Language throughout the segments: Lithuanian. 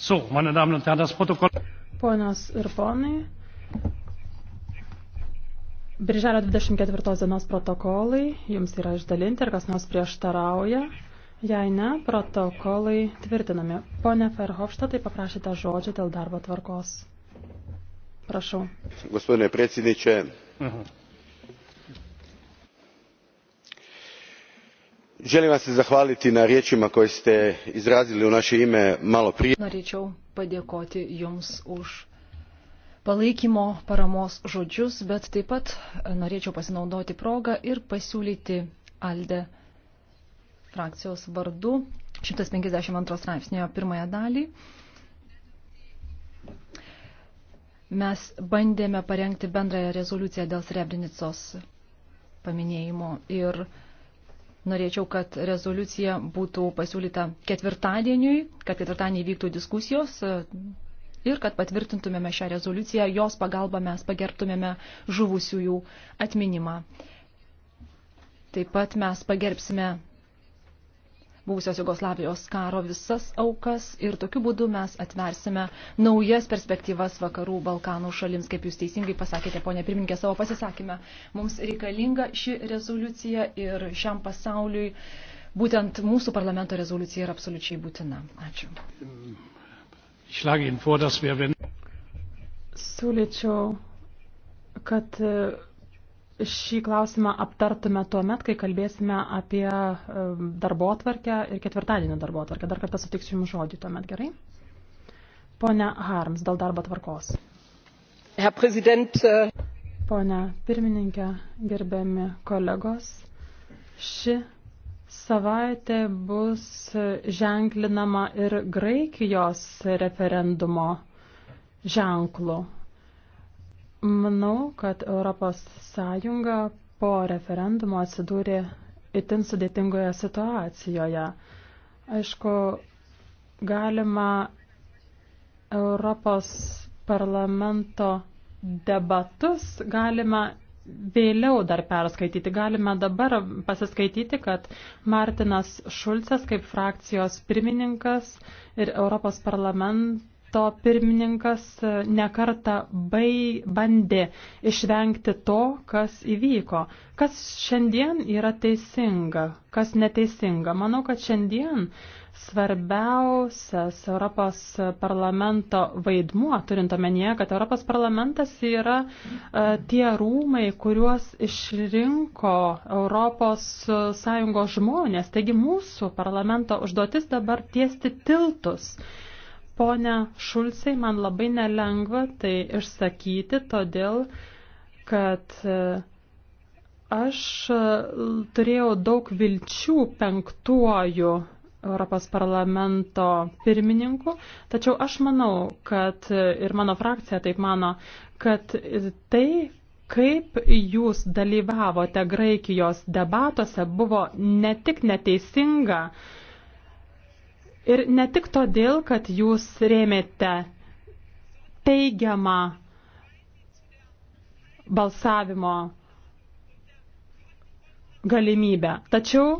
So, meine Damen und Herren, das Protokoll. Ponios ir ponai, Birželio 24 dienos protokolai jums yra išdalinti ir kas nors prieštarauja. Jei ne, protokolai tvirtinami. Pone Ferhofštatai paprašyte žodžio dėl darbo tvarkos. Prašau. Gospodine predsjedniče, mhm. želim vam se zahvaliti na riječima koje ste izrazili u naše ime maloprije. norėčiau padėkoti jums už palaikymo paramos žodžius bet taip pat norėčiau pasinaudoti proga ir pasiūlyti alde frakcijos vardu 152 straipsnio pirmąją dalį. Mes bandėme parengti bendrąją rezoliuciją dėl Srebrenicos paminėjimo ir Norėčiau, kad rezoliucija būtų pasiūlyta ketvirtadieniui, kad ketvirtadienį vyktų diskusijos e, ir kad patvirtintumėme šią rezoliuciją, jos pagalba mes pagerbtumėme žuvusiųjų atminimą. Taip pat mes pagerbsime buvusios Jugoslavijos karo visas aukas ir tokiu būdu mes atversime naujas perspektyvas vakarų Balkanų šalims, kaip jūs teisingai pasakėte, ponė pirmininkė, savo pasisakymę. Mums reikalinga ši rezoliucija ir šiam pasauliui būtent mūsų parlamento rezoliucija yra absoliučiai būtina. Ačiū. Siūlyčiau, kad šį klausimą aptartume tuo met, kai kalbėsime apie e, darbo atvarkę ir ketvirtadienį darbo atvarkę. Dar kartą sutiksiu Jums žodį tuo met, gerai? Pone Harms, dėl darbo tvarkos. Herr Präsident. Äh, Pone pirmininkė, gerbiami kolegos, ši savaitė bus ženklinama ir Graikijos referendumo ženklu. Manau, kad Europos Sąjunga po referendumo atsidūrė itin sudėtingoje situacijoje. Aišku, galima Europos parlamento debatus galima vėliau dar perskaityti. Galime dabar pasiskaityti, kad Martinas Šulcas kaip frakcijos pirmininkas ir Europos parlamento to pirmininkas nekarta bai, bandė išvengti to, kas įvyko. Kas šiandien yra teisinga, kas neteisinga. Manau, kad šiandien svarbiausias Europos parlamento vaidmuo, turint omenyje, kad Europos parlamentas yra uh, tie rūmai, kuriuos išrinko Europos Sąjungos žmonės. Taigi mūsų parlamento užduotis dabar tiesti tiltus. Uh, Pone Šulcai, man labai nelengva tai išsakyti, todėl, kad e, aš e, turėjau daug vilčių penktuoju Europos parlamento pirmininku, tačiau aš manau, kad e, ir mano frakcija taip mano, kad tai, Kaip jūs dalyvavote Graikijos debatuose buvo ne tik neteisinga, Ir ne tik todėl, kad jūs rėmėte teigiamą balsavimo galimybę. Tačiau,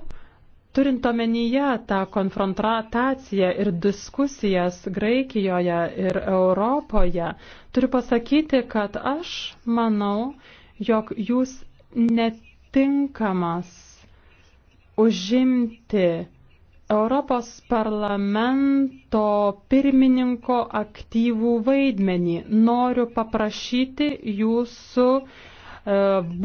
turint omenyje tą konfrontaciją ir diskusijas Graikijoje ir Europoje, turiu pasakyti, kad aš manau, jog jūs netinkamas užimti Europos parlamento pirmininko aktyvų vaidmenį. Noriu paprašyti jūsų e,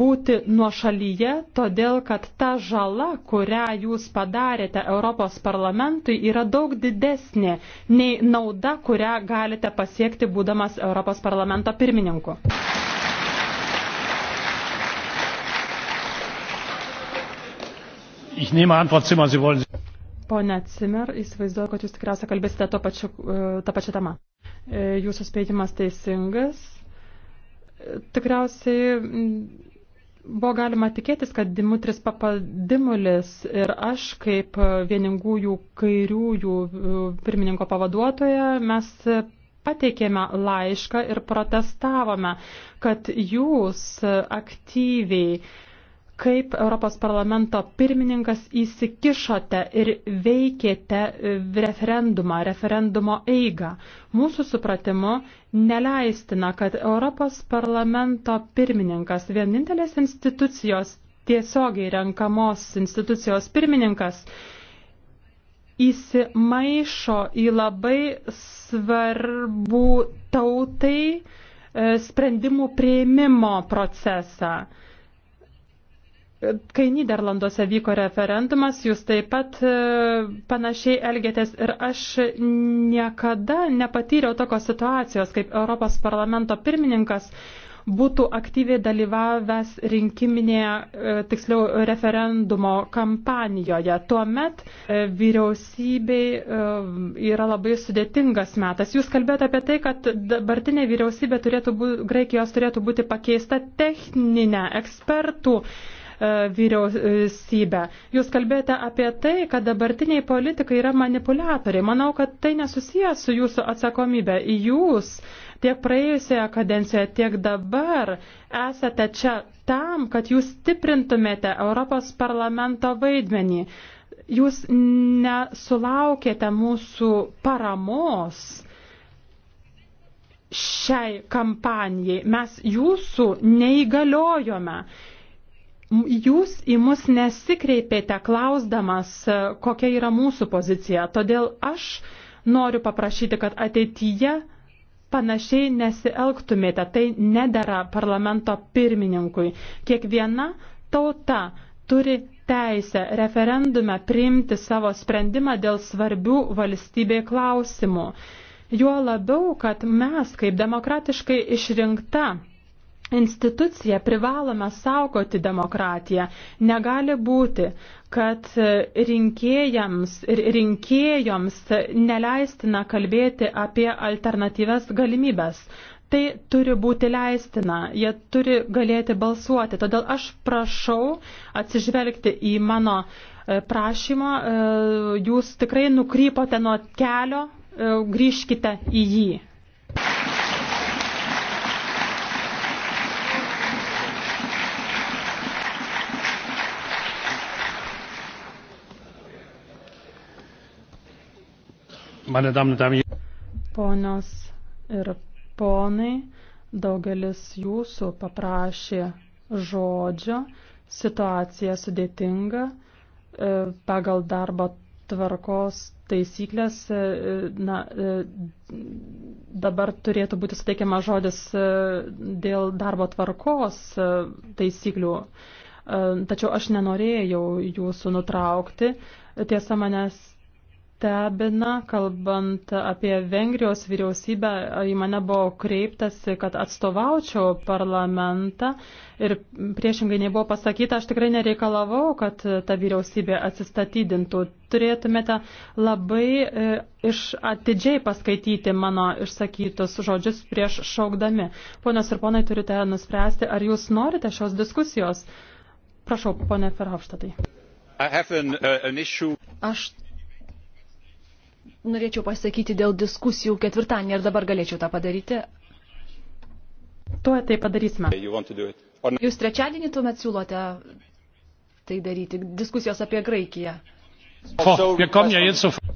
būti nuošalyje, todėl kad ta žala, kurią jūs padarėte Europos parlamentui, yra daug didesnė nei nauda, kurią galite pasiekti būdamas Europos parlamento pirmininku. Ich nehme an, Frau Zimmer, Sie wollen. Pone Cimer, įsivaizduoju, kad jūs tikriausiai kalbėsite to pačiu, e, tą pačią temą. E, jūsų spėjimas teisingas. E, tikriausiai buvo galima tikėtis, kad Dimitris Papadimulis ir aš, kaip vieningųjų kairiųjų pirmininko pavaduotoja, mes pateikėme laišką ir protestavome, kad jūs aktyviai kaip Europos parlamento pirmininkas įsikišote ir veikėte e, referendumą, referendumo eigą. Mūsų supratimu neleistina, kad Europos parlamento pirmininkas, vienintelės institucijos tiesiogiai renkamos institucijos pirmininkas, įsimaišo į labai svarbų tautai e, sprendimų prieimimo procesą. Kai Niderlanduose vyko referendumas, jūs taip pat e, panašiai elgėtės ir aš niekada nepatyriau tokios situacijos, kaip Europos parlamento pirmininkas būtų aktyviai dalyvavęs rinkiminėje, e, tiksliau, referendumo kampanijoje. Tuomet e, vyriausybei yra labai sudėtingas metas. Jūs kalbėjote apie tai, kad dabartinė vyriausybė turėtų būti, Graikijos turėtų būti pakeista techninė ekspertų E, vyriausybę. Jūs kalbėjote apie tai, kad dabartiniai politikai yra manipuliatoriai. Manau, kad tai nesusijęs su jūsų atsakomybė. Jūs tiek praėjusioje kadencijoje, tiek dabar esate čia tam, kad jūs stiprintumėte Europos parlamento vaidmenį. Jūs nesulaukėte mūsų paramos šiai kampanijai. Mes jūsų neįgaliojome. Jūs į mus nesikreipėte klausdamas, e, kokia yra mūsų pozicija, todėl aš noriu paprašyti, kad ateityje panašiai nesielgtumėte. Tai nedara parlamento pirmininkui. Kiekviena tauta turi teisę referendume priimti savo sprendimą dėl svarbių valstybė klausimų. Juo labiau, kad mes, kaip demokratiškai išrinkta institucija privalome saugoti demokratiją. Negali būti, kad rinkėjams ir rinkėjoms neleistina kalbėti apie alternatyves galimybės. Tai turi būti leistina, jie turi galėti balsuoti. Todėl aš prašau atsižvelgti į mano e, prašymą. E, jūs tikrai nukrypote nuo kelio, e, grįžkite į jį. Ponios ir ponai, daugelis jūsų paprašė žodžio, situacija sudėtinga, e, pagal darbo tvarkos taisyklės e, na, e, dabar turėtų būti suteikiama žodis dėl darbo tvarkos taisyklių. Tačiau aš nenorėjau jūsų nutraukti. Tiesa, manęs stebina, kalbant apie Vengrijos vyriausybę, į mane buvo kreiptasi, kad atstovaučiau parlamentą ir priešingai nebuvo pasakyta, aš tikrai nereikalavau, kad ta vyriausybė atsistatydintų. Turėtumėte labai e, iš atidžiai paskaityti mano išsakytus žodžius prieš šaukdami. Ponios ir ponai, turite nuspręsti, ar jūs norite šios diskusijos. Prašau, ponė Ferhofštatai. An, uh, Aš norėčiau pasakyti dėl diskusijų ketvirtadienį ir dabar galėčiau tą padaryti. Tuo tai padarysime. Jūs trečiadienį tuomet siūlote tai daryti, diskusijos apie Graikiją.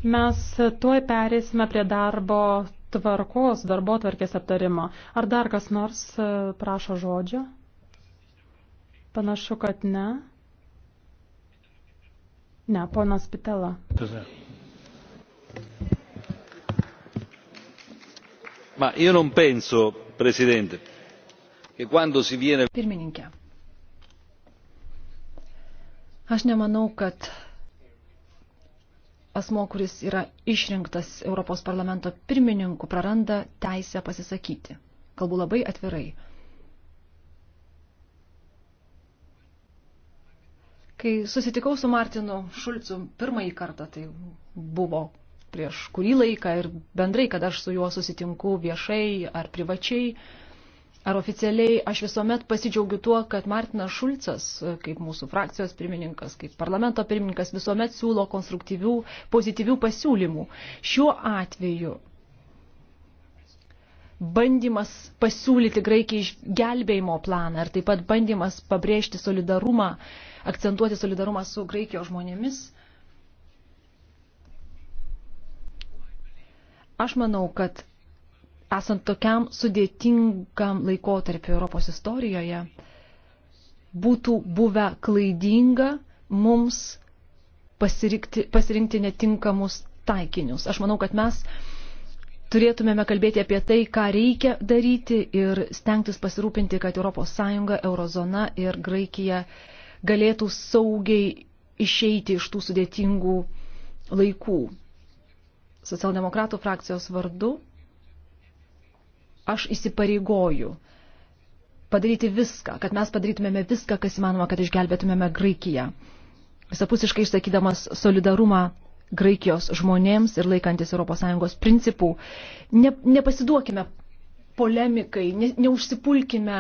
Mes tuoj perėsime prie darbo tvarkos, darbo tvarkės aptarimo. Ar dar kas nors e, prašo žodžio? Panašu, kad ne. Ne, ponas Pitela. Tuzė. ma io non penso presidente che quando si viene. pirmininke aš nemanau kad asmo kuris yra išrinktas europos parlamento pirmininku praranda teisę pasisakyti kalbu labai atvirai kai susitikau su martinu šulcu pirmąjį kartą tai buvo prieš kurį laiką ir bendrai, kad aš su juo susitinku viešai ar privačiai, ar oficialiai, aš visuomet pasidžiaugiu tuo, kad Martinas Šulcas, kaip mūsų frakcijos pirmininkas, kaip parlamento pirmininkas, visuomet siūlo konstruktyvių, pozityvių pasiūlymų. Šiuo atveju bandymas pasiūlyti Graikijai gelbėjimo planą ir taip pat bandymas pabrėžti solidarumą, akcentuoti solidarumą su Graikijos žmonėmis – Aš manau, kad esant tokiam sudėtingam laikotarpiu Europos istorijoje, būtų buvę klaidinga mums pasirinkti, pasirinkti netinkamus taikinius. Aš manau, kad mes turėtumėme kalbėti apie tai, ką reikia daryti ir stengtis pasirūpinti, kad ES, Eurozona ir Graikija galėtų saugiai išeiti iš tų sudėtingų laikų socialdemokratų frakcijos vardu aš įsipareigoju padaryti viską, kad mes padarytumėme viską, kas įmanoma, kad išgelbėtumėme Graikiją. Visapusiškai išsakydamas solidarumą Graikijos žmonėms ir laikantis ES principų, ne, nepasiduokime polemikai, ne, neužsipulkime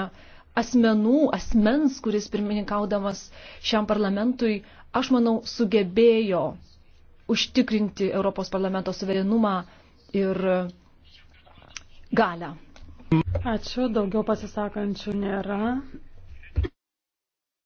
asmenų, asmens, kuris pirmininkaudamas šiam parlamentui, aš manau, sugebėjo užtikrinti Europos parlamento suverenumą ir galę. Ačiū, daugiau pasisakančių nėra.